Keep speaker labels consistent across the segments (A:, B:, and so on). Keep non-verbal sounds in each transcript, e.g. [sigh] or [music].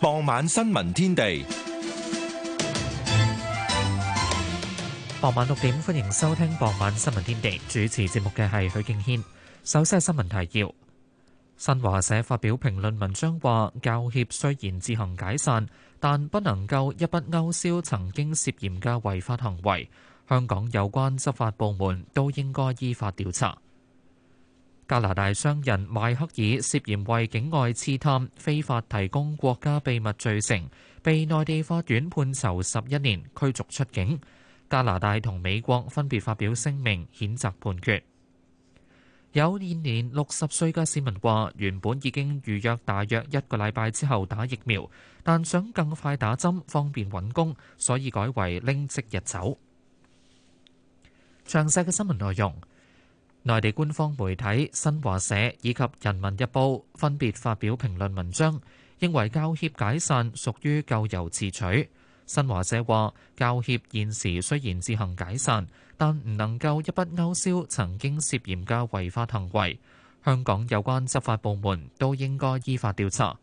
A: 傍晚新聞天地，傍晚六點，歡
B: 迎收聽傍晚新聞天地。主持節目嘅係許敬軒。首先係新聞提要。新華社發表評論文章話，教協雖然自行解散，但不能夠一筆勾銷曾經涉嫌嘅違法行為。香港有關執法部門都應該依法調查。加拿大商人邁克爾涉嫌為境外刺探、非法提供國家秘密罪成，被內地法院判囚十一年、驅逐出境。加拿大同美國分別發表聲明譴責判決。有現年六十歲嘅市民話：原本已經預約大約一個禮拜之後打疫苗，但想更快打針方便揾工，所以改為拎即日走。詳細嘅新聞內容。內地官方媒體新華社以及人民日報分別發表評論文章，認為教協解散屬於咎由自取。新華社話：教協現時雖然自行解散，但唔能夠一筆勾銷曾經涉嫌嘅違法行為。香港有關執法部門都應該依法調查。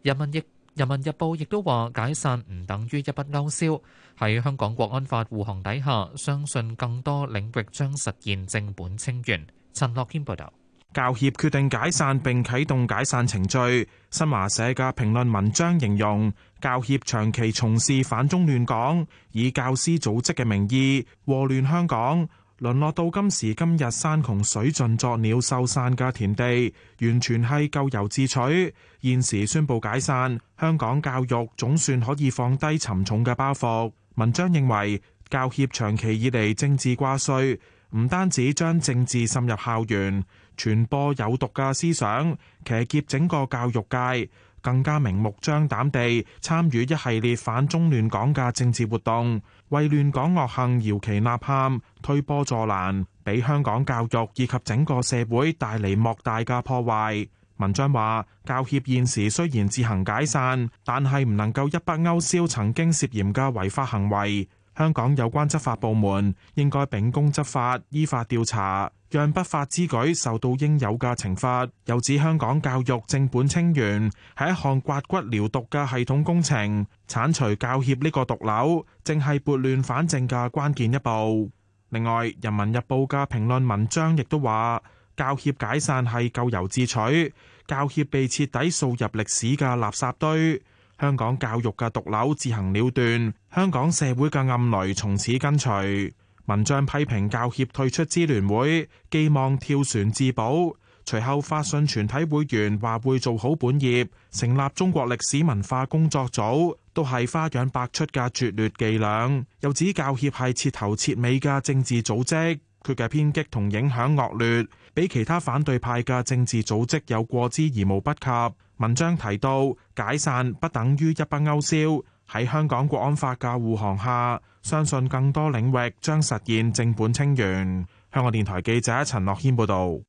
B: 人民日《人民日報》亦都話：解散唔等於一筆勾銷。喺香港國安法護航底下，相信更多領域將實現正本清源。陳樂軒報導。
A: 教協決定解散並啟動解散程序。新華社嘅評論文章形容，教協長期從事反中亂港，以教師組織嘅名義禍亂香港。淪落到今時今日山窮水盡作鳥獸散嘅田地，完全係咎由自取。現時宣布解散，香港教育總算可以放低沉重嘅包袱。文章認為，教協長期以嚟政治掛帥，唔單止將政治滲入校園，傳播有毒嘅思想，騎劫整個教育界，更加明目張膽地參與一系列反中亂港嘅政治活動。為亂港惡行搖旗吶喊、推波助瀾，俾香港教育以及整個社會帶嚟莫大嘅破壞。文章話，教協現時雖然自行解散，但係唔能夠一筆勾銷曾經涉嫌嘅違法行為。香港有關執法部門應該秉公執法、依法調查，讓不法之舉受到應有嘅懲罰。又指香港教育正本清源係一項刮骨療毒嘅系統工程，剷除教協呢個毒瘤，正係撥亂反正嘅關鍵一步。另外，《人民日報》嘅評論文章亦都話，教協解散係咎由自取，教協被徹底掃入歷史嘅垃圾堆。香港教育嘅毒瘤自行了斷，香港社會嘅暗雷從此跟隨。文章批評教協退出支聯會，寄望跳船自保。隨後發信全體會員話會做好本業，成立中國歷史文化工作組，都係花樣百出嘅絕劣伎倆。又指教協係徹頭徹尾嘅政治組織，佢嘅偏激同影響惡劣，比其他反對派嘅政治組織有過之而無不及。文章提到，解散不等於一筆勾銷。喺香港國安法嘅護航下，相信更多領域將實現正本清源。香港電台記者陳樂軒報導。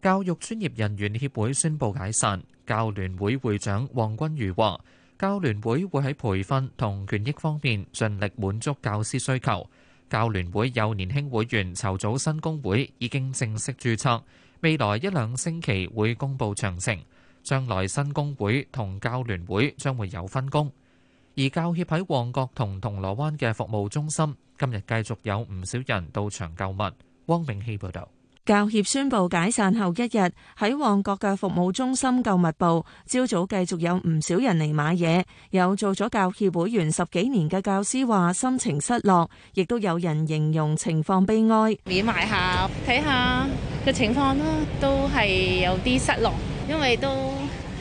A: 教育專業人
B: 員協會宣布解散，教聯會會長黃君如話，教聯會會喺培訓同權益方面盡力滿足教師需求。教聯會有年輕會員籌組新工會，已經正式註冊，未來一兩星期會公布詳情。將來新工會同教聯會將會有分工，而教協喺旺角同銅鑼灣嘅服務中心，今日繼續有唔少人到場購物。汪明熙報導。
C: 教協宣布解散後一日，喺旺角嘅服務中心購物部，朝早繼續有唔少人嚟買嘢。有做咗教協會員十幾年嘅教師話心情失落，亦都有人形容情況悲哀。免買下睇下嘅情況啦，都係有啲
D: 失落，因為都。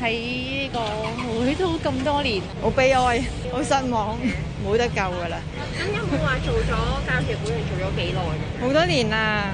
D: 喺呢個會都咁多年，好悲哀，好失望，冇。的 [laughs] 得救噶啦。咁 [laughs] 有冇話做咗教協會
C: 員做咗幾耐？ [laughs] 好多年啦，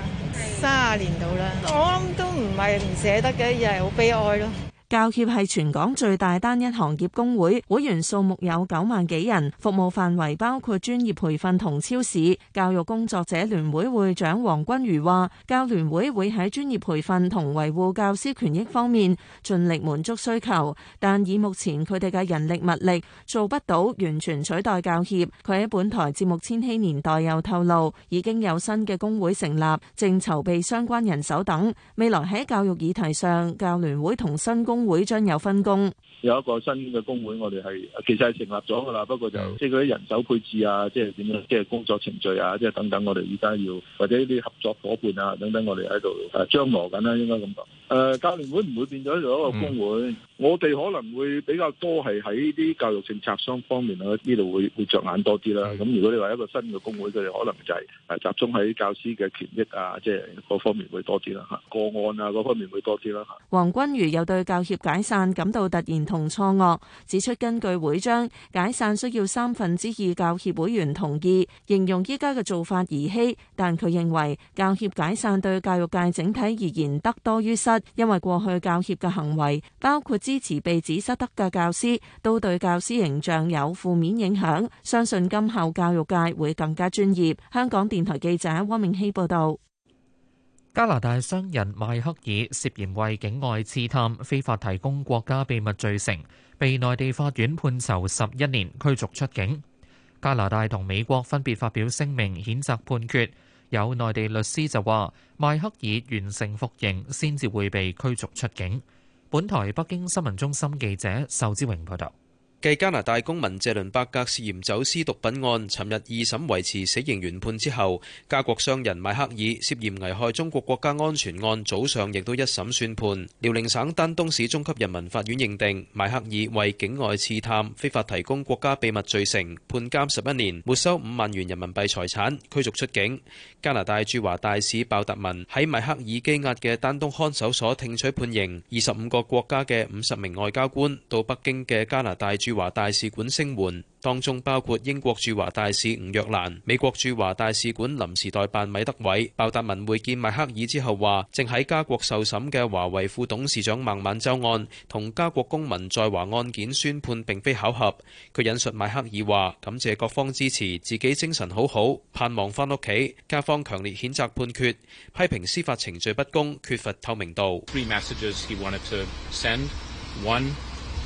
C: 三十的年度啦。的我諗都唔係唔捨得嘅，而係好悲哀咯。教協係全港最大單一行業工會，會員數目有九萬幾人，服務範圍包括專業培訓同超市。教育工作者聯會會長黃均瑜話，教聯會會喺專業培訓同維護教師權益方面盡力滿足需求，但以目前佢哋嘅人力物力，做不到完全取代教協。佢喺本台節目《千禧年代》又透露，已經有新嘅工會成立，正籌備相關人手等，未來喺教育議題上，教聯會同新工。工會將有分工。
E: 有一個新嘅工會我，我哋係其實係成立
F: 咗噶啦，不過就即係嗰啲人手配置啊，即係點樣，即係工作程序啊，即係等等我，我哋而家要或者呢啲合作夥伴啊等等我，我哋喺度誒張羅緊啦，應該咁講。誒、呃，教聯會唔會變咗做一個工會？嗯、我哋可能會比較多係喺啲教育政策上方面啊。呢度會會着眼多啲啦。咁如果你話一個新嘅工會，佢哋可能就係誒集中喺教師嘅權益啊，即係各方面會多啲啦吓，個案啊各方面會多啲啦吓。
C: 黃君如又對教協解散感到突然。同錯愕指出，根據會章解散需要三分之二教協會員同意，形容依家嘅做法兒戲。但佢認為教協解散對教育界整體而言得多於失，因為過去教協嘅行為包括支持被指失德嘅教師，都對教師形象有負面影響。相信今後教育界會更加專業。香港電台記者汪明希報道。
B: 加拿大商人邁克爾涉嫌為境外刺探、非法提供國家秘密罪成，被內地法院判囚十一年，驅逐出境。加拿大同美國分別發表聲明譴責判決，有內地律師就話邁克爾完成服刑先至會被驅逐出境。本台北京新聞中心記者仇之榮報道。
G: 繼加拿大公民謝倫伯格涉嫌走私毒品案，尋日二審維持死刑原判之後，加國商人邁克爾涉嫌危害中國國家安全案，早上亦都一審宣判。遼寧省丹東市中級人民法院認定邁克爾為境外刺探、非法提供國家秘密罪成，判監十一年，沒收五萬元人民幣財產，驅逐出境。加拿大駐華大使鮑達民喺邁克爾羈押嘅丹東看守所聽取判刑。二十五個國家嘅五十名外交官到北京嘅加拿大駐華大使館聲援當中包括英國駐華大使吳若蘭、美國駐華大使館臨時代辦米德偉。爆達文會見麥克爾之後話，正喺加國受審嘅華為副董事長孟晚舟案同加國公民在華案件宣判並非巧合。佢引述麥克爾話：感謝各方支持，自己精神好好，盼望翻屋企。加方強烈譴責判決，批評司法程序不公，缺乏透明度。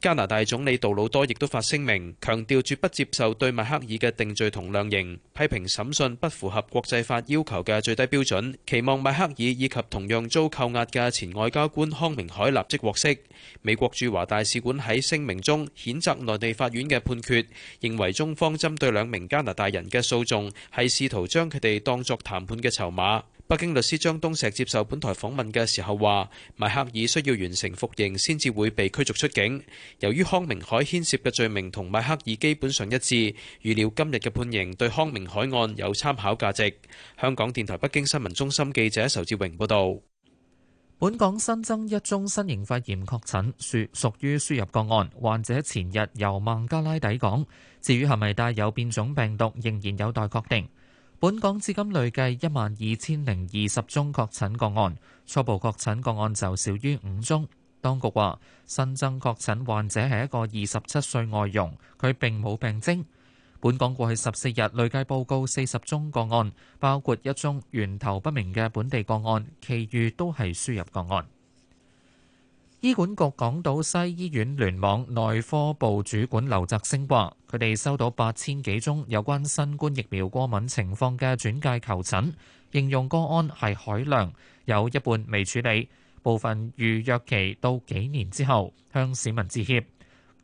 G: 加拿大總理杜魯多亦都發聲明，強調絕不接受對邁克爾嘅定罪同量刑，批評審訊不符合國際法要求嘅最低標準，期望邁克爾以及同樣遭扣押嘅前外交官康明凱立即獲釋。美國駐華大使館喺聲明中譴責內地法院嘅判決，認為中方針對兩名加拿大人嘅訴訟係試圖將佢哋當作談判嘅籌碼。北京律師張東石接受本台訪問嘅時候話：麥克爾需要完成服刑先至會被驅逐出境。由於康明海牽涉嘅罪名同麥克爾基本上一致，預料今日嘅判刑對康明海案有參考價值。香港電台北京新聞中心記者仇志榮報道。
B: 本港新增一宗新型肺炎確診，屬屬於輸入個案，患者前日由孟加拉抵港。至於係咪帶有變種病毒，仍然有待確定。本港至今累計一萬二千零二十宗確診個案，初步確診個案就少於五宗。當局話新增確診患者係一個二十七歲外傭，佢並冇病徵。本港過去十四日累計報告四十宗個案，包括一宗源頭不明嘅本地個案，其餘都係輸入個案。醫管局港島西醫院聯網內科部主管劉澤星話：佢哋收到八千幾宗有關新冠疫苗過敏情況嘅轉介求診，形容個案係海量，有一半未處理，部分預約期到幾年之後，向市民致歉。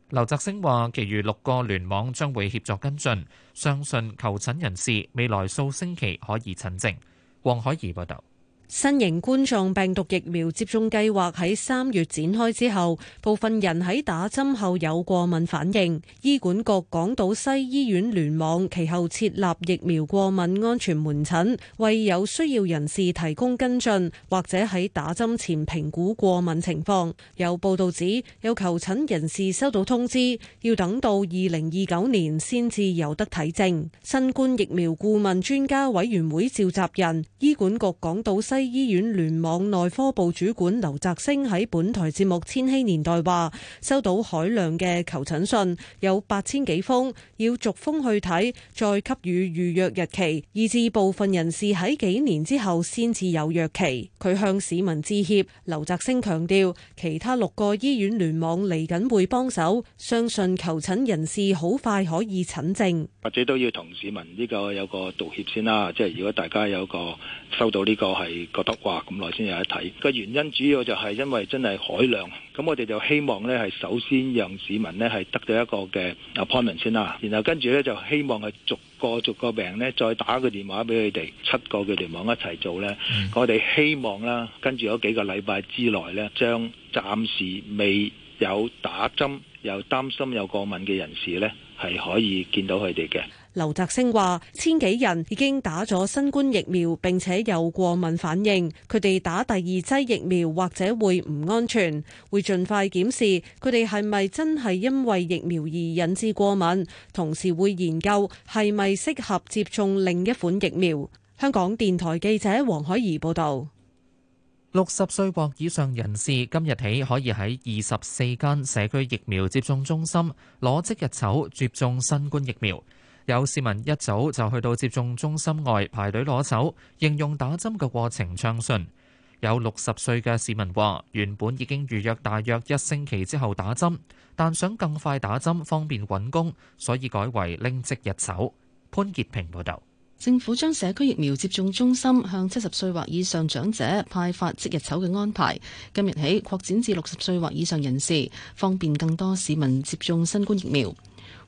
B: 劉澤星話：其餘六個聯網將會協助跟進，相信求診人士未來數星期可以診症。黃海怡報道。
H: 新型冠狀病毒疫苗接種計劃喺三月展開之後，部分人喺打針後有過敏反應。醫管局港島西醫院聯網，其後設立疫苗過敏安全門診，為有需要人士提供跟進，或者喺打針前評估過敏情況。有報道指，有求診人士收到通知，要等到二零二九年先至有得睇症，新冠疫苗顧問專家委員會召集人醫管局港島西。西醫院聯網內科部主管劉澤星喺本台節目《千禧年代》話，收到海量嘅求診信，有八千幾封，要逐封去睇，再給予預約日期，以至部分人士喺幾年之後先至有約期。佢向市民致歉。劉澤星強調，其他六個醫院聯網嚟緊會幫手，相信求診人士好快可以診症。
E: 或者都要同市民呢個有個道歉先啦，即係如果大家有個收到呢個係。覺得話咁耐先有得睇，個原因主要就係因為真係海量，咁我哋就希望呢，係首先讓市民呢，係得到一個嘅 appointment 先啦，然後跟住呢，就希望係逐個逐個病呢，再打個電話俾佢哋，七個嘅聯網一齊做呢。
A: 嗯、我哋希
E: 望啦，跟住嗰幾個禮拜之內呢，將暫時未有打針又擔心有過敏嘅人士呢，係可以見到佢哋嘅。
H: 劉澤星話，千幾人已經打咗新冠疫苗，並且有過敏反應，佢哋打第二劑疫苗或者會唔安全，會盡快檢視佢哋係咪真係因為疫苗而引致過敏，同時會研究係咪適合接種另一款疫苗。香港電台記者黃海怡報道，六十歲
B: 或以上人士今日起可以喺二十四間社區疫苗接種中心攞即日籌接種新冠疫苗。有市民一早就去到接種中心外排隊攞籌，形容打針嘅過程暢順。有六十歲嘅市民話，原本已經預約大約一星期之後打針，但想更快打針方便揾工，所以改為拎即日籌。潘潔平報導，政
I: 府將社區疫苗接種中心向七十歲或以上長者派發即日籌嘅安排，今日起擴展至六十歲或以上人士，方便更多市民接種新冠疫苗。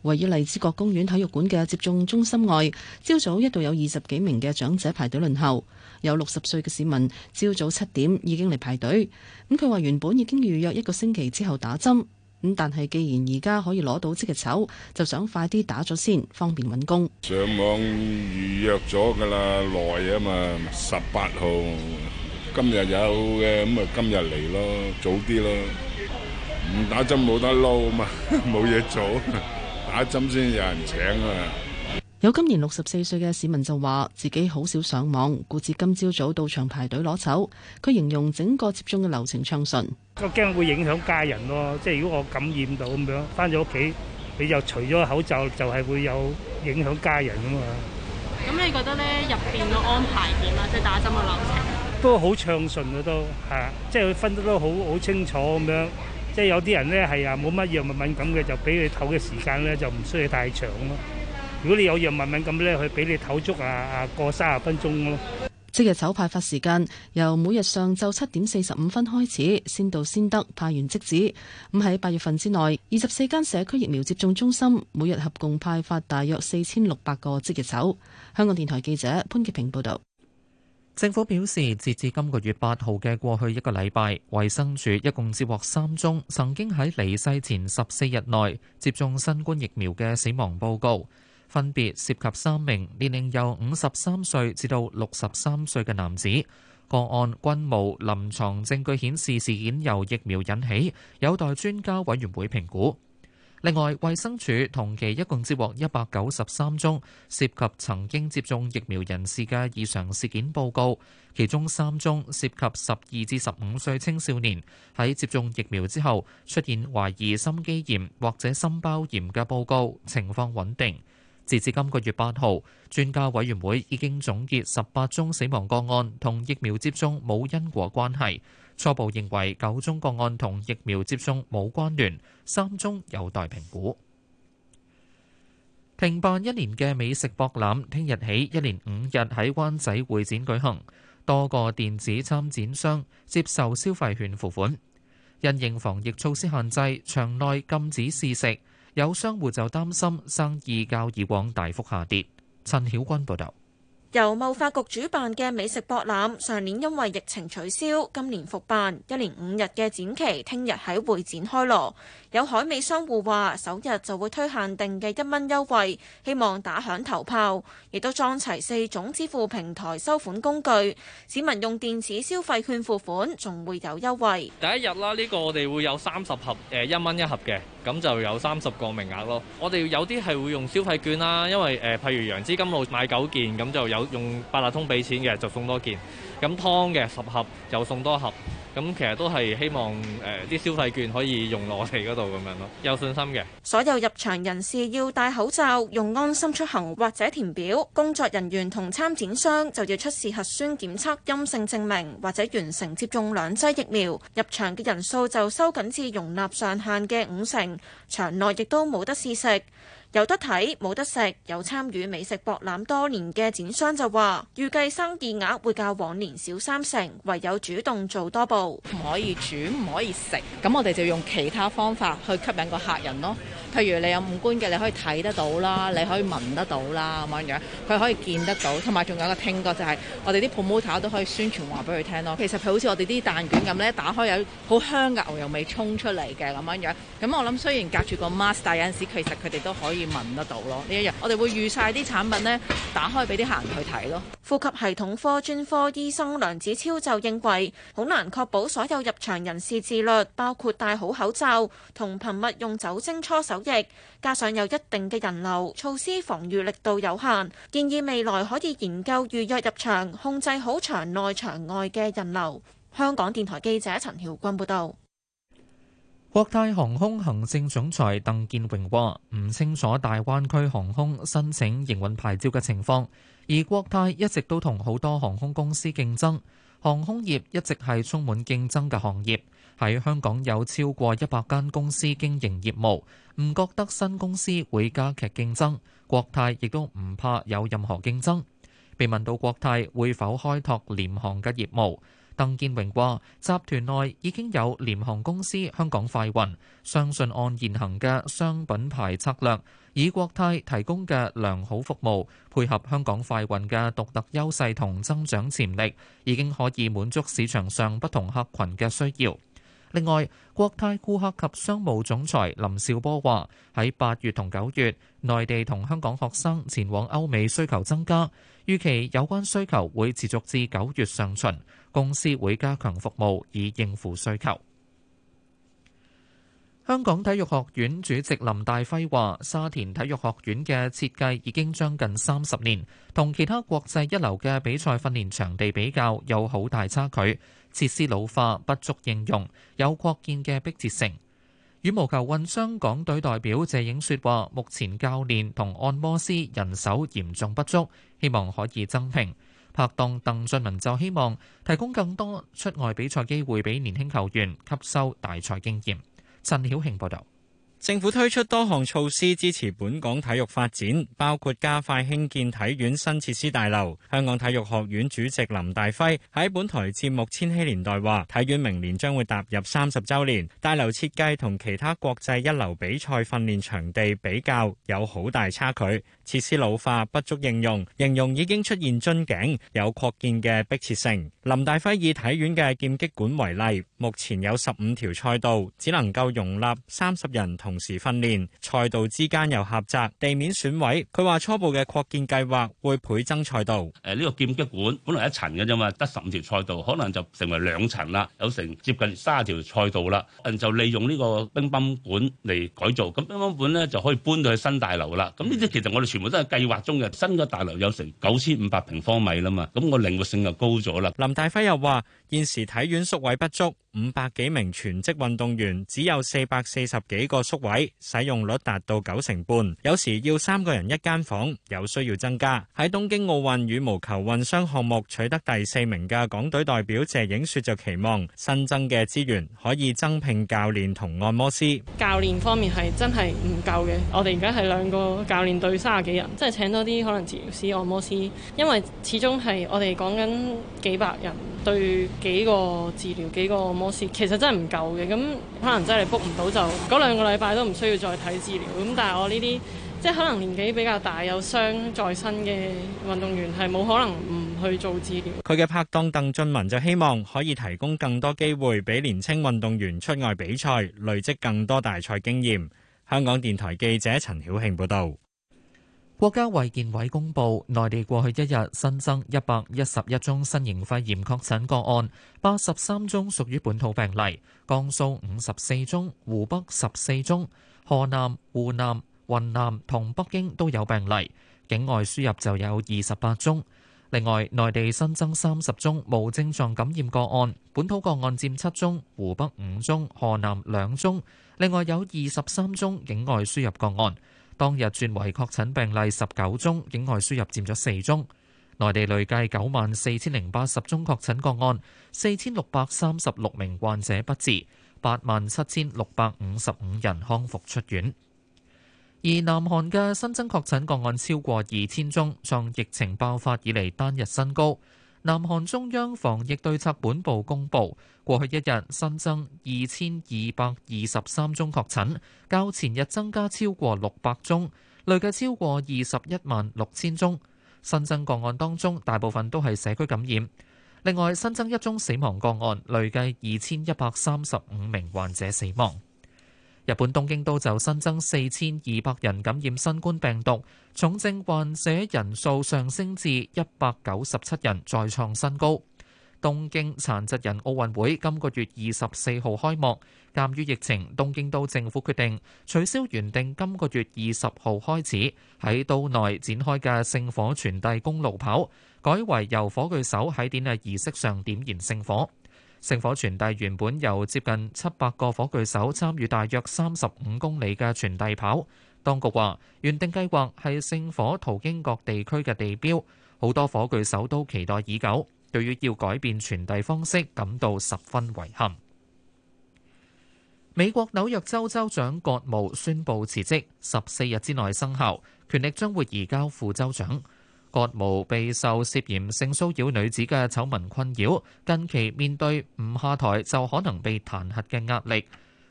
I: 位於荔枝角公園體育館嘅接種中心外，朝早一度有二十幾名嘅長者排隊輪候。有六十歲嘅市民，朝早七點已經嚟排隊。咁佢話原本已經預約一個星期之後打針，咁但係既然而家可以攞到即日籌，就想快啲打咗先，方便揾工。
F: 上網預約咗㗎啦，耐啊嘛，十八號今日有嘅，咁啊今日嚟咯，早啲咯。唔打針冇得撈啊嘛，冇嘢做。打針先有人請啊！
I: 有今年六十四歲嘅市民就話：自己好少上網，故此今朝早到場排隊攞籌。佢形容整個接種嘅流程暢順。
F: 我驚會影響家人咯，即係如果我感染到咁樣，翻咗屋企，你就除咗口罩，就係會有影響家人啊嘛。咁你覺得咧入
D: 邊嘅安排點啊？即係打針嘅流程
F: 都好暢順啊，都係即係佢分得都好好清楚咁樣。即係有啲人呢，係啊，冇乜藥物敏感嘅，就俾你唞嘅時間呢，就唔需要太長咯。如果你有藥物敏感咧，佢俾你唞足啊啊過三十啊分鐘咯。
I: 即日籌派發時間由每日上晝七點四十五分開始，先到先得，派完即止。咁喺八月份之內，二十四間社區疫苗接種中心每日合共派發大約四千六百個即日籌。香港電台記者潘潔平報道。
B: 政府表示，截至今個月八號嘅過去一個禮拜，衛生署一共接獲三宗曾經喺離世前十四日內接種新冠疫苗嘅死亡報告，分別涉及三名年齡由五十三歲至到六十三歲嘅男子，個案均無臨床證據顯示事件由疫苗引起，有待專家委員會評估。另外，衛生署同期一共接獲一百九十三宗涉及曾經接種疫苗人士嘅異常事件報告，其中三宗涉及十二至十五歲青少年喺接種疫苗之後出現懷疑心肌炎或者心包炎嘅報告，情況穩定。截至今個月八號，專家委員會已經總結十八宗死亡個案同疫苗接種冇因果關係，初步認為九宗個案同疫苗接種冇關聯，三宗有待評估。停辦一年嘅美食博覽，聽日起一連五日喺灣仔會展舉行，多個電子參展商接受消費券付款。因應防疫措施限制，場內禁止試食。有商戶就擔心生意較以往大幅下跌。陳曉君報導，
D: 由貿發局主辦嘅美食博覽上年因為疫情取消，今年復辦，一連五日嘅展期，聽日喺會展開鑼。有海味商戶話，首日就會推限定嘅一蚊優惠，希望打響頭炮，亦都裝齊四種支付平台收款工具，市民用電子消費券付款仲會有優惠。
B: 第一日啦，呢個我哋會有三十盒，誒一蚊一盒嘅。咁就有三十個名額咯。我哋有啲係會用消費券啦，因為誒、呃，譬如楊枝金露買九件，咁就有用八達通畀錢嘅，就送多件。咁湯嘅十盒又送多盒，咁其實都係希望誒啲消費券可以用落我哋嗰度咁樣咯，有信心嘅。所
D: 有入場人士要戴口罩，用安心出行或者填表。工作人員同參展商就要出示核酸檢測陰性證明或者完成接種兩劑疫苗。入場嘅人數就收緊至容納上限嘅五成，場內亦都冇得試食。有得睇冇得食，有參與美食博覽多年嘅展商就話：預計生意額會較往年少三成，唯有主動做多步。唔可以煮，唔可以食，咁我哋就用其他方法去吸引個客人咯。譬
I: 如你有五官嘅，你可以睇得到啦，你可以聞得到啦，咁樣樣，佢可以見得到，同埋仲有一個聽覺，就是，就係我哋啲 promoter 都可以宣傳話俾佢聽咯。其實佢好似我哋啲蛋卷咁咧，打開有好香嘅牛油味衝出嚟嘅，咁樣樣，咁我諗雖然隔住個 mask 戴，但有陣
D: 時其實佢哋都可以聞得到咯。呢一日我哋會預晒啲產品咧，打開俾啲客人去睇咯。呼吸系統科專科醫生梁子超就認為，好難確保所有入場人士自律，包括戴好口罩同頻密用酒精搓手。亦，加上有一定嘅人流，措施防禦力度有限，建議未來可以研究預約入場，控制好場內場外嘅人流。香港電台記者陳曉君報道。
B: 國泰航空行政總裁鄧健榮話，唔清楚大灣區航空申請營運牌照嘅情況，而國泰一直都同好多航空公司競爭，航空業一直係充滿競爭嘅行業。喺香港有超過一百間公司經營業務，唔覺得新公司會加劇競爭。國泰亦都唔怕有任何競爭。被問到國泰會否開拓廉航嘅業務，鄧建榮話：集團內已經有廉航公司香港快運，相信按現行嘅雙品牌策略，以國泰提供嘅良好服務，配合香港快運嘅獨特優勢同增長潛力，已經可以滿足市場上不同客群嘅需要。另外，國泰顧客及商務總裁林紹波話：喺八月同九月，內地同香港學生前往歐美需求增加，預期有關需求會持續至九月上旬，公司會加強服務以應付需求。香港體育學院主席林大輝話：沙田體育學院嘅設計已經將近三十年，同其他國際一流嘅比賽訓練場地比較有好大差距，設施老化不足應用，有擴建嘅迫切性。羽毛球混雙港隊代表謝影雪話：目前教練同按摩師人手嚴重不足，希望可以增聘。拍檔鄧俊文就希望提供更多出外比賽機會俾
F: 年輕球員，吸收大賽經驗。陳曉慶報道，政府推出多項措施支持本港體育發展，包括加快興建體院新設施大樓。香港體育學院主席林大輝喺本台節目《千禧年代》話，體院明年將會踏入三十周年，大樓設計同其他國際一流比賽訓練場地比較有好大差距。設施老化不足應用，形容已經出現樽頸，有擴建嘅迫切性。林大輝以體院嘅劍擊館為例，目前有十五條賽道，只能夠容納三十人同時訓練，賽道之間又狹窄，地面損毀。佢話初步嘅擴建計劃會倍增賽道。
E: 誒呢個劍擊館本來一層嘅啫嘛，得十五條賽道，可能就成為兩層啦，有成接近三十條賽道啦。就利用呢個乒乓館嚟改造，咁乒乓館呢就可以搬到去新大樓啦。咁呢啲其實我哋全部都係計劃中嘅新嘅大樓，有成九千五百
F: 平方米啦嘛。咁個靈活性就高咗啦。林大輝又話：現時體院宿位不足。五百幾名全職運動員只有四百四十幾個宿位，使用率達到九成半，有時要三個人一間房，有需要增加。喺東京奧運羽毛球混雙項目取得第四名嘅港隊代表謝影雪就期望新增嘅資源可以增聘教練同按摩師。
H: 教練方面係真係唔夠嘅，我哋而家係兩個教練對三十幾人，即係請多啲可能治療師、按摩師，因為始終係我哋講緊幾百人對幾個治療、幾個按摩師。其實真係唔夠嘅，咁可能真係 book 唔到，就嗰兩個禮拜都唔需要再睇治療。咁但係我呢啲即係可能年紀比較大、有傷在身嘅運動員係冇可能唔去做治療。
F: 佢嘅拍檔鄧俊文就希望可以提供更多機會俾年輕運動員出外比賽，累積更多大賽經驗。香港電台記者陳曉慶報道。國家衛健委公
B: 布，內地過去一日新增一百一十一宗新型肺炎確診個案，八十三宗屬於本土病例，江蘇五十四宗，湖北十四宗，河南、湖南、雲南同北京都有病例，境外輸入就有二十八宗。另外，內地新增三十宗無症狀感染個案，本土個案佔七宗，湖北五宗，河南兩宗，另外有二十三宗境外輸入個案。當日轉為確診病例十九宗，境外輸入佔咗四宗。內地累計九萬四千零八十宗確診個案，四千六百三十六名患者不治，八萬七千六百五十五人康復出院。而南韓嘅新增確診個案超過二千宗，創疫情爆發以嚟單日新高。南韓中央防疫對策本部公佈，過去一日新增二千二百二十三宗確診，較前日增加超過六百宗，累計超過二十一萬六千宗。新增個案當中，大部分都係社區感染。另外，新增一宗死亡個案，累計二千一百三十五名患者死亡。日本東京都就新增四千二百人感染新冠病毒，重症患者人數上升至一百九十七人，再創新高。東京殘疾人奧運會今個月二十四號開幕，鑑於疫情，東京都政府決定取消原定今個月二十號開始喺都內展開嘅聖火傳遞公路跑，改為由火炬手喺典禮儀式上點燃聖火。聖火傳遞原本由接近七百個火炬手參與，大約三十五公里嘅傳遞跑。當局話，原定計劃係聖火途經各地區嘅地標，好多火炬手都期待已久。對於要改變傳遞方式，感到十分遺憾。美國紐約州州長葛謨宣布辭職，十四日之內生效，權力將會移交副州長。葛謨備受涉嫌性騷擾女子嘅醜聞困擾，近期面對唔下台就可能被彈劾嘅壓力，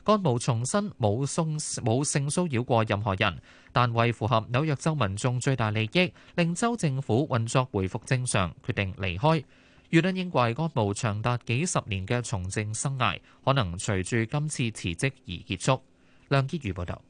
B: 葛謨重申冇性冇性騷擾過任何人，但為符合紐約州民眾最大利益，令州政府運作回復正常，決定離開。輿論認為葛謨長達幾十年嘅從政生涯，
J: 可能隨
B: 住今次辭職而結束。梁潔如報道。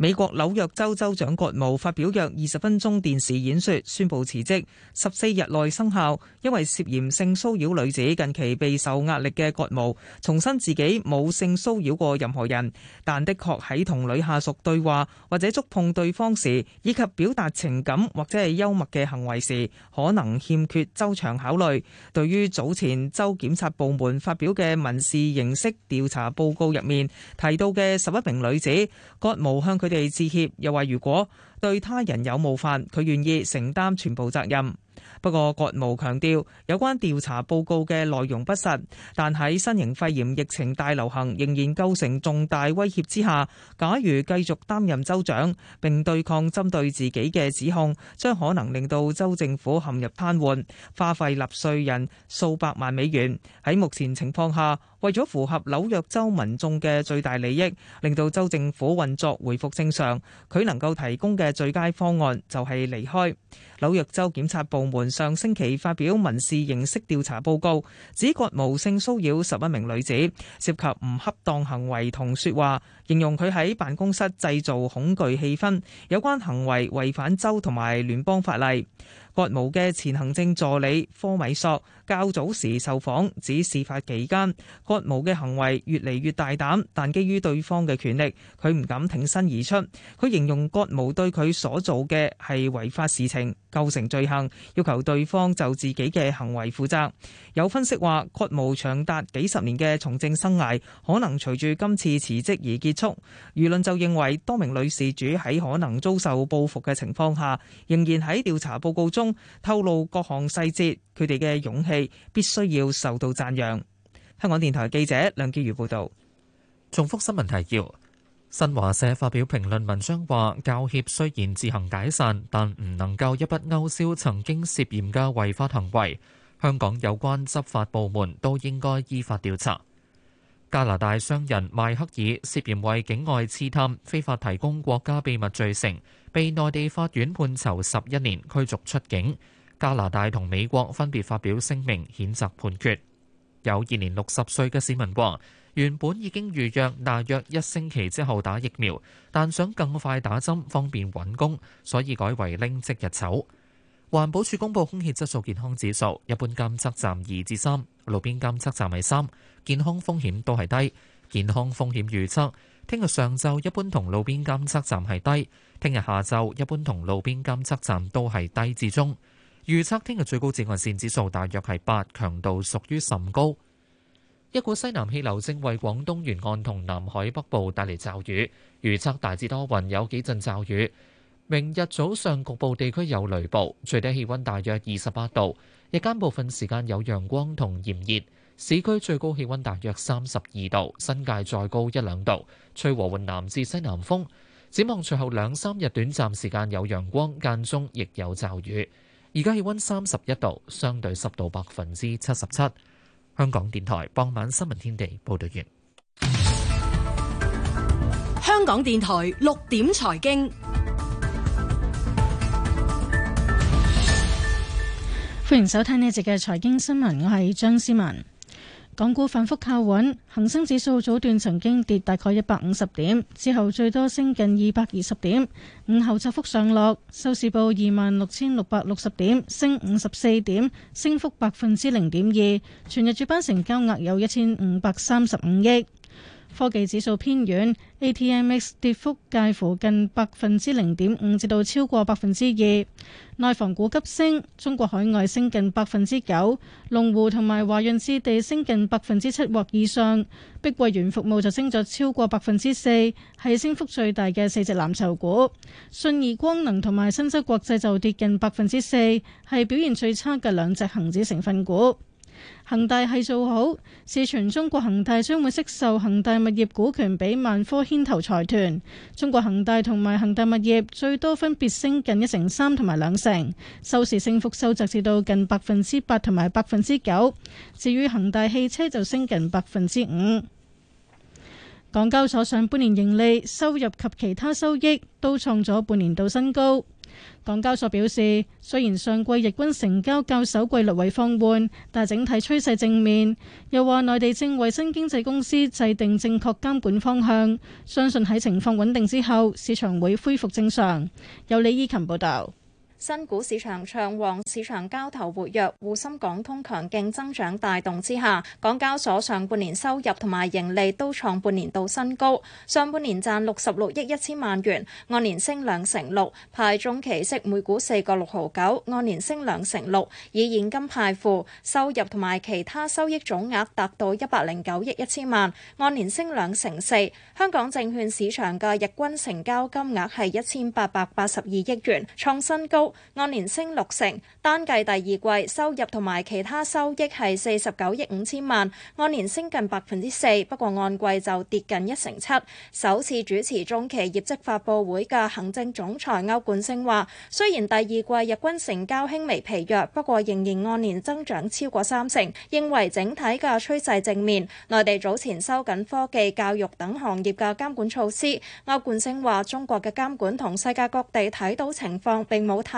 J: 美國紐約州州長葛慕發表約二十分鐘電視演說，宣布辭職，十四日內生效。因為涉嫌性騷擾女子，近期備受壓力嘅葛慕，重申自己冇性騷擾過任何人，但的確喺同女下屬對話或者觸碰對方時，以及表達情感或者係幽默嘅行為時，可能欠缺周詳考慮。對於早前州檢察部門發表嘅民事形式調查報告入面提到嘅十一名女子，葛慕向佢。佢哋致歉，又話如果對他人有冒犯，佢願意承擔全部責任。不過葛謨強調，有關調查報告嘅內容不實，但喺新型肺炎疫情大流行仍然構成重大威脅之下，假如繼續擔任州長並對抗針對自己嘅指控，將可能令到州政府陷入癱瘓，花費納稅人數百萬美元。喺目前情況下，為咗符合紐約州民眾嘅最大利益，令到州政府運作回復正常，佢能夠提供嘅最佳方案就係離開紐約州檢察部。他們上星期發表民事形式調查報告，指葛謨性騷擾十一名女子，涉及唔恰當行為同說話。形容佢喺辦公室製造恐懼氣氛，有關行為違反州同埋聯邦法例。戈姆嘅前行政助理科米索較早時受訪指幾，事發期間戈姆嘅行為越嚟越大膽，但基於對方嘅權力，佢唔敢挺身而出。佢形容戈姆對佢所做嘅係違法事情，構成罪行，要求對方就自己嘅行為負責。有分析話，屈冇長達幾十年嘅從政生涯，可能隨住今次辭職而結束。輿論就認為，多名女事主喺可能遭受報復嘅情況下，仍然喺調查報告中透露各項細節，佢哋嘅勇氣必須要受到讚揚。香港電台記者梁基瑜報導。重複新聞提要：新華社發表評論文章話，
B: 教協雖然自行解散，但唔能夠一筆勾銷曾經涉嫌嘅違法行為。香港有關執法部門都應該依法調查。加拿大商人邁克爾涉嫌為境外刺探非法提供國家秘密罪成，被內地法院判囚十一年、驅逐出境。加拿大同美國分別發表聲明譴責判決。有二年六十歲嘅市民話：原本已經預約大約一星期之後打疫苗，但想更快打針方便揾工，所以改為拎即日籌。環保署公布空氣質素健康指數，一般監測站二至三，路邊監測站係三，健康風險都係低。健康風險預測，聽日上晝一般同路邊監測站係低，聽日下晝一般同路邊監測站都係低至中。預測聽日最高紫外線指數大約係八，強度屬於甚高。一股西南氣流正為廣東沿岸同南海北部帶嚟驟雨，預測大致多雲，有幾陣驟雨。明日早上局部地區有雷暴，最低氣溫大約二十八度。日間部分時間有陽光同炎熱，市區最高氣溫大約三十二度，新界再高一兩度。吹和緩南至西南風，展望隨後兩三日短暫時間有陽光，間中亦有驟雨。而家氣溫三十一度，相對濕度百分之七十七。香港電台傍晚新聞天地，報道完。
I: 香港電台六點財經。
K: 歡迎收睇呢一節嘅財經新聞，我係張思文。港股反復靠穩，恒生指數早段曾經跌大概一百五十點，之後最多升近二百二十點，午後就幅上落，收市報二萬六千六百六十點，升五十四點，升幅百分之零點二，全日主板成交額有一千五百三十五億。科技指數偏軟，ATMX 跌幅介乎近百分之零點五至到超過百分之二。內房股急升，中國海外升近百分之九，龍湖同埋華潤置地升近百分之七或以上。碧桂園服務就升咗超過百分之四，係升幅最大嘅四隻藍籌股。信義光能同埋申洲國際就跌近百分之四，係表現最差嘅兩隻恒指成分股。恒大系做好，市傳中國恒大將會釋售恒大物業股權俾萬科牽頭財團。中國恒大同埋恒大物業最多分別升近一成三同埋兩成，收市升幅收窄至到近百分之八同埋百分之九。至於恒大汽車就升近百分之五。港交所上半年盈利、收入及其他收益都創咗半年度新高。港交所表示，雖然上季日均成交較首季略為放緩，但整體趨勢正面。又話內地正為新經濟公司制定正確監管方向，相信喺情況穩定之後，市場會恢復正常。有李依琴報道。
L: 新股市場暢旺，市場交投活躍，滬深港通強勁增長帶動之下，港交所上半年收入同埋盈利都創半年度新高。上半年賺六十六億一千萬元，按年升兩成六，派中期息每股四個六毫九，按年升兩成六，以現金派付，收入同埋其他收益總額達到一百零九億一千萬，按年升兩成四。香港證券市場嘅日均成交金額係一千八百八十二億元，創新高。按年升六成，單計第二季收入同埋其他收益係四十九億五千萬，按年升近百分之四，不過按季就跌近一成七。首次主持中期業績發佈會嘅行政總裁歐冠昇話，雖然第二季日均成交輕微疲弱，不過仍然按年增長超過三成，認為整體嘅趨勢正面。內地早前收緊科技、教育等行業嘅監管措施，歐冠昇話中國嘅監管同世界各地睇到情況，並冇太。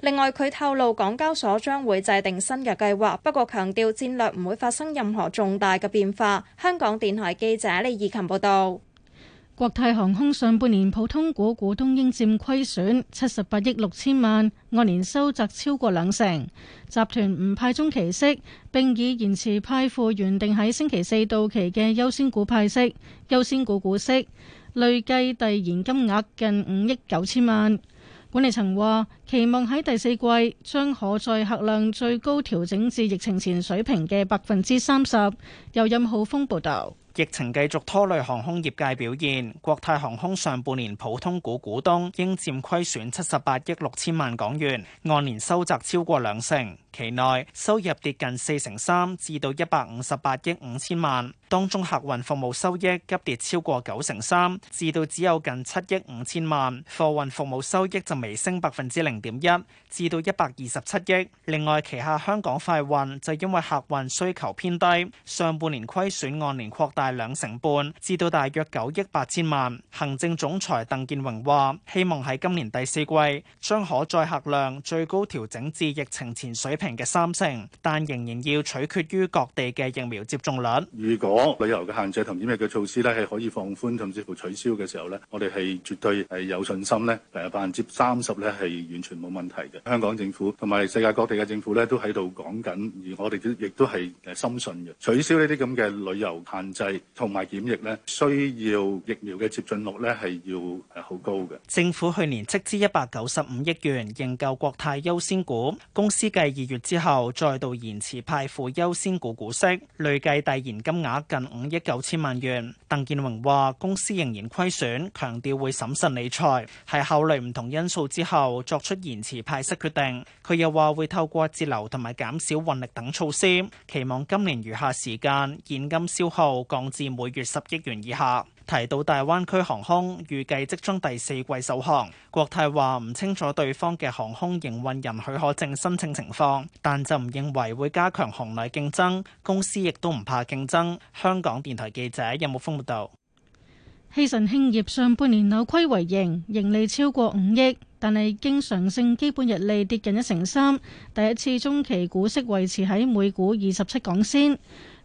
L: 另外，佢透露港交所將會制定新嘅計劃，不過強調戰略唔會發生任何重大嘅變化。香港電台記者李以琴報導。
K: 國泰航空上半年普通股股東應佔虧損七十八億六千萬，按年收窄超過兩成。集團唔派中期息，並已延遲派付原定喺星期四到期嘅優先股派息、優先股股息。累計遞延金額近五億九千萬。管理層話期望喺第四季將可載客量最高調整至疫情前水平嘅百分之三十。由任浩峰報道。
M: 疫情繼續拖累航空業界表現。國泰航空上半年普通股股東應占虧損七十八億六千萬港元，按年收窄超過兩成。期內收入跌近四成三，至到一百五十八億五千萬。當中客運服務收益急跌超過九成三，至到只有近七億五千萬；貨運服務收益就微升百分之零點一，至到一百二十七億。另外旗下香港快運就因為客運需求偏低，上半年虧損按年擴大兩成半，至到大約九億八千萬。行政總裁鄧健榮話：希望喺今年第四季將可載客量最高調整至疫情前水平嘅三成，但仍然要取決於各地嘅疫
F: 苗接種率。如果哦、旅遊嘅限制同檢疫嘅措施咧，係可以放寬甚至乎取消嘅時候咧，我哋係絕對係有信心咧，誒百分之三十咧係完全冇問題嘅。香
B: 港政府同埋世界各地嘅政府咧，都喺度講緊，而我哋亦都係誒深信嘅。取消呢啲咁嘅旅遊限制同埋檢疫咧，需要疫苗嘅接種率咧係要誒好高嘅。
M: 政府去年斥資一百九十五億元認購國泰優先股，公司繼二月之後再度延遲派付優先股股息，累計遞延金額近五億九千萬元。鄧建榮話公司仍然虧損，強調會審慎理財，係考慮唔同因素之後作出延遲派息決定。佢又話會透過節流同埋減少運力等措施，期望今年餘下時間現金消耗降至每月十億元以下。提到大灣區航空，預計即將第四季首航。國泰話唔清楚對方嘅航空營運人許可證申請情況，但就唔認為會加強行內競爭。公司亦都唔怕競爭。香港電台記者任木峯報道。
K: 希慎興業上半年扭虧為盈，盈利超過五億，但係經常性基本溢利跌近一成三。第一次中期股息維持喺每股二十七港仙。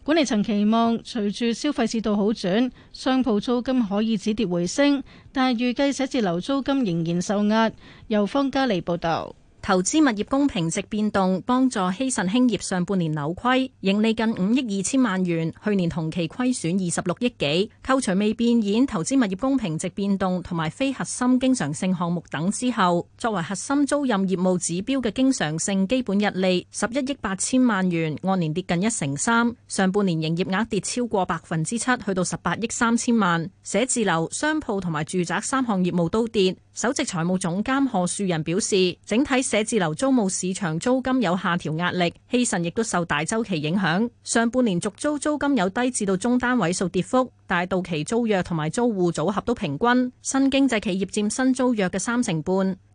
K: 管理層期望，隨住消費市道好轉，商鋪租金可以止跌回升，但係預計寫字樓租金仍然受壓，由方嘉利報道。投資
N: 物業公平值變動幫助希慎興業上半年扭虧，盈利近五億二千萬元，去年同期虧損二十六億幾。扣除未變現投資物業公平值變動同埋非核心經常性項目等之後，作為核心租賃業務指標嘅經常性基本日利十一億八千萬元，按年跌近一成三。上半年營業額跌超過百分之七，去到十八億三千萬。寫字樓、商鋪同埋住宅三項業務都跌。首席財務總監何樹仁表示，整體社寫字樓租務市場租金有下調壓力，氣勢亦都受大周期影響。上半年續租租金由低至到中單位數跌幅，但到期租約同埋租戶組合都平均，新經濟企業佔新租約嘅三成半。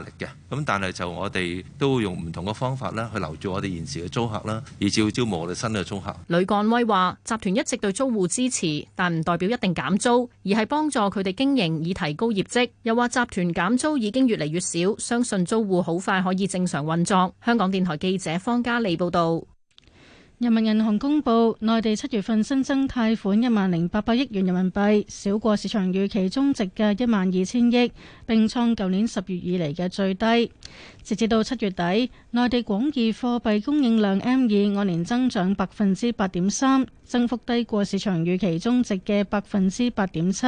E: 力嘅，咁但係就我哋都用唔同嘅方法啦，去留住我哋現時嘅租客啦，以至招募我哋新嘅租客。
N: 呂干威話：集團一直對租戶支持，但唔代表一定減租，而係幫助佢哋經營以提高業績。又話集團減租已經越嚟越少，相信租戶好快可以正常運作。香港電台記者方嘉莉報道。
K: 人民銀行公布，內地七月份新增貸款一萬零八百億元人民幣，少過市場預期中值嘅一萬二千億，並創舊年十月以嚟嘅最低。截至到七月底，內地廣義貨幣供應量 M 二按年增長百分之八點三，增幅低過市場預期中值嘅百分之八點七。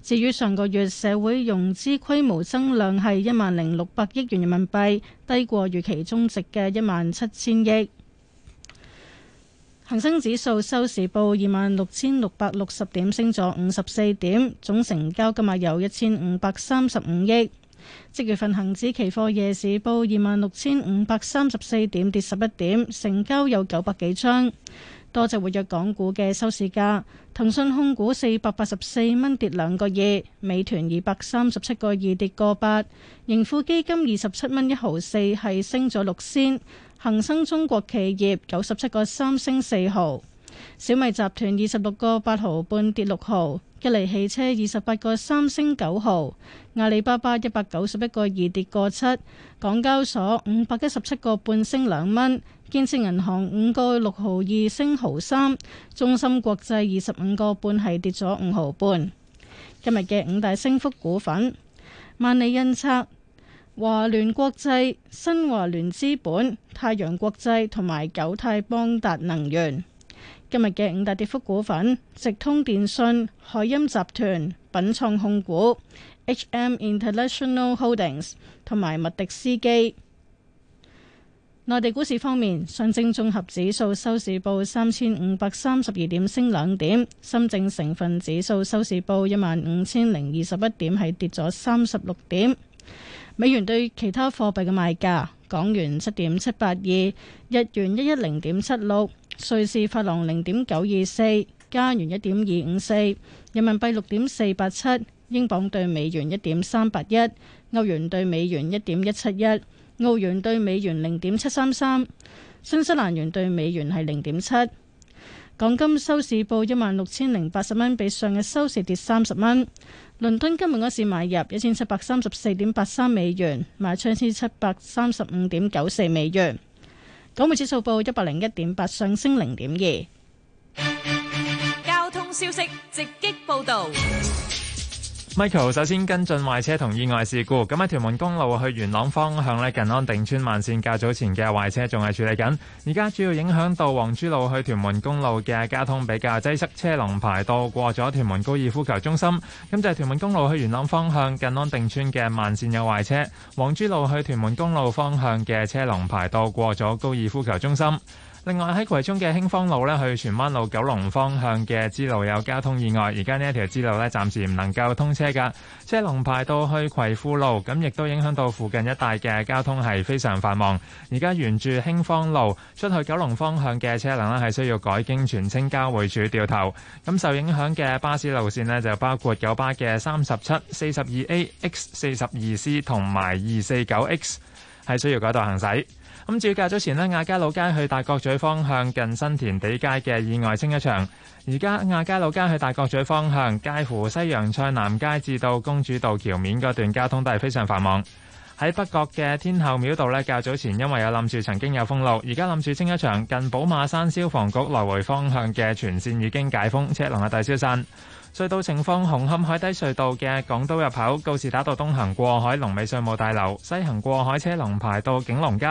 K: 至於上個月社會融資規模增量係一萬零六百億元人民幣，低過預期中值嘅一萬七千億。恒生指數收市報二萬六千六百六十點，升咗五十四點，總成交今日有一千五百三十五億。即月份恒指期貨夜市報二萬六千五百三十四點，跌十一點，成交有九百幾張。多隻活躍港股嘅收市價，騰訊控股四百八十四蚊跌兩個二，美團二百三十七個二跌個八，盈富基金二十七蚊一毫四係升咗六仙，恆生中國企業九十七個三升四毫，小米集團二十六個八毫半跌六毫。吉利汽車二十八個三升九毫，阿里巴巴一百九十一個二跌個七，港交所五百一十七個半升兩蚊，建設銀行五個六毫二升毫三，中芯國際二十五個半係跌咗五毫半。今日嘅五大升幅股份：萬里印刷、華聯國際、新華聯資本、太陽國際同埋九泰邦達能源。今日嘅五大跌幅股份：直通電訊、海音集團、品創控股、H.M. International Holdings 同埋麥迪斯基。內地股市方面，上證綜合指數收市報三千五百三十二點，升兩點；深證成分指數收市報一萬五千零二十一點，係跌咗三十六點。美元對其他貨幣嘅賣價：港元七點七八二，日元一一零點七六。瑞士法郎零點九二四，加元一點二五四，人民幣六點四八七，英鎊對美元一點三八一，歐元對美元一點一七一，澳元對美元零點七三三，新西蘭元對美元係零點七。港金收市報一萬六千零八十蚊，比上日收市跌三十蚊。倫敦金每盎司買入一千七百三十四點八三美元，賣出一千七百三十五點九四美元。港匯指數報一百零一點八，上升零點二。
N: 交通消息直擊報道。
E: Michael 首先跟進壞車同意外事故。咁喺屯門公路去元朗方向咧，近安定村慢線，較早前嘅壞車仲係處理緊。而家主要影響到黃珠路去屯門公路嘅交通比較擠塞，車龍排到過咗屯門高爾夫球中心。咁就係屯門公路去元朗方向，近安定村嘅慢線有壞車。黃珠路去屯門公路方向嘅車龍排到過咗高爾夫球中心。另外喺葵涌嘅興芳路咧，去荃灣路九龍方向嘅支路有交通意外，而家呢一條支路咧暫時唔能夠通車噶。車龍排到去葵富路，咁亦都影響到附近一帶嘅交通係非常繁忙。而家沿住興芳路出去九龍方向嘅車輛咧，係需要改經荃青交匯處掉頭。咁受影響嘅巴士路線呢，就包括九巴嘅三十七、四十二 A、X 四十二 C 同埋二四九 X，係需要改道行駛。咁至於較早前呢，亞皆老街去大角咀方向近新田地街嘅意外清一場。而家亞皆老街去大角咀方向，介乎西洋菜南街至到公主道橋面嗰段交通都係非常繁忙。喺北角嘅天后廟道呢，較早前因為有冧樹，曾經有封路，而家冧樹清一場，近寶馬山消防局來回方向嘅全線已經解封，車龍啊大消散。隧道情況：紅磡海底隧道嘅港島入口告士打道東行過海，龍尾稅務大樓；西行過海車龍排到景隆街。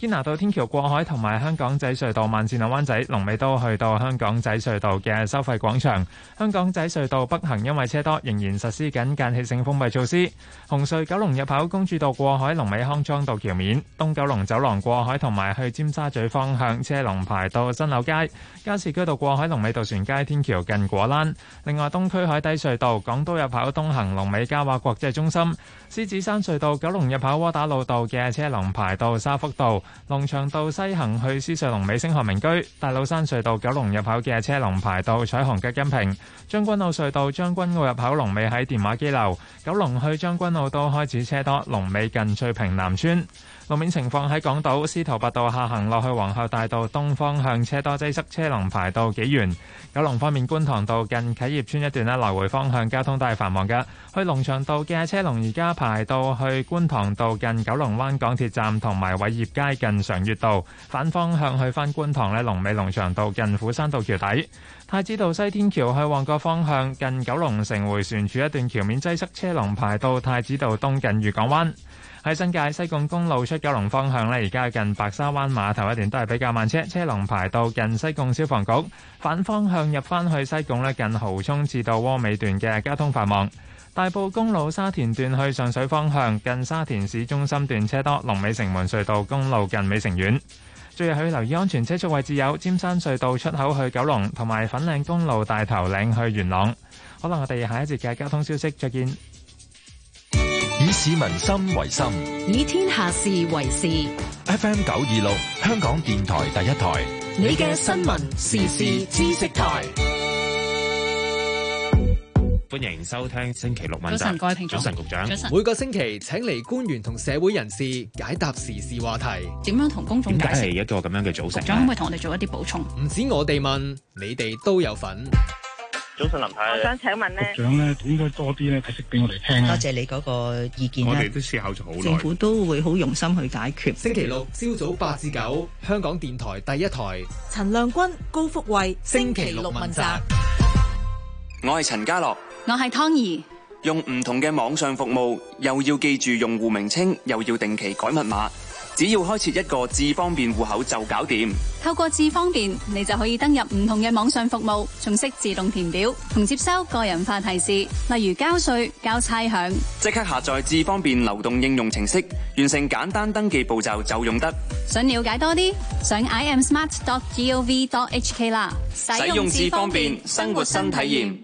E: 堅拿道天橋過海同埋香港仔隧道慢線落灣仔龍尾都去到香港仔隧道嘅收費廣場。香港仔隧道北行因為車多，仍然實施緊間歇性封閉措施。紅隧九龍入口公主道過海龍尾康莊道橋面，東九龍走廊過海同埋去尖沙咀方向車龍排到新柳街。加士居道過海龍尾渡船街天橋近果欄。另外東區海底隧道，港島入口東行，龍尾嘉華國際中心。獅子山隧道九龍入口，窩打老道嘅車龍排到沙福道，龍翔道西行去獅隧龍尾星河明居；大老山隧道九龍入口嘅車龍排到彩虹吉恩平；將軍澳隧道將軍澳入口龍尾喺電話機樓，九龍去將軍澳都開始車多，龍尾近翠屏南村。路面情況喺港島司徒拔道下行落去皇后大道東方向車多擠塞，車龍排到幾遠。九龍方面觀塘道近啟業村一段呢，來回方向交通都係繁忙噶，去農場軋軋龍翔道嘅車龍而家，排到去觀塘道近九龍灣港鐵站，同埋偉業街近常悅道；反方向去翻觀塘咧，龍尾龍翔道近虎山道橋底。太子道西天橋去旺角方向，近九龍城迴旋處一段橋面擠塞，車龍排到太子道東近譽港灣。喺新界西貢公路出九龍方向呢，而家近白沙灣碼頭一段都係比較慢車，車龍排到近西貢消防局。反方向入翻去西貢呢，近蠔涌至到窩美段嘅交通繁忙。大埔公路沙田段去上水方向，近沙田市中心段車多；龍尾城門隧道公路近美城苑。最後要留意安全車速位置有尖山隧道出口去九龍，同埋粉嶺公路大頭嶺去元朗。好啦，我哋下一節嘅交通消息再見。以市民心為心，以天下事為事。FM 九二六，香港電台第一台。
A: 你嘅新聞時事知識台。
E: 歡迎收聽星期六問責。早晨，早晨，局長。早晨，每
B: 個星期請嚟官員同社會人士解答時事話題。點
N: 樣同公眾解釋一
B: 個咁樣嘅組成？局長可唔可以同我哋做一啲補充？
F: 唔止我哋
B: 問，你哋都有份。早晨，林太。我
M: 想
J: 請問呢，局長
F: 咧應該多啲咧解釋俾我哋聽。多
M: 謝你嗰個意見、啊、我哋都思考咗好耐。政府都會好用心去解決。星期六
J: 朝
G: 早八至九，香港電台第一台。
H: 陳亮君、高福慧，星期六
E: 問責。我係陳家樂。我係湯儀，用唔同嘅網上服務，又要記住用戶名稱，又要定期改密碼。只要開設一個智方便戶口就搞掂。
N: 透過智方便，你就可以登入唔同嘅網上服務，仲識自動填表同接收個人化提示，例如交稅、交差餉。
E: 即刻下載智方便流動應用程式，完成簡單登記步驟就用得。
N: 想了解多啲，上 iamsmart.gov.hk 啦。使用智
L: 方便，生活新體驗。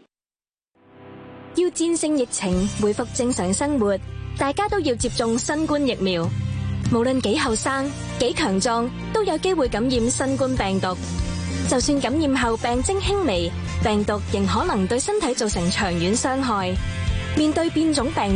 N: 要戰勝疫情，回復正
L: 常生活，大家都要接種新冠疫苗。無論幾後生、幾強壯，都有機會感染新冠病毒。就算感染後病徵輕微，
G: 病毒仍可能對身體造成長遠傷害。面對變種病。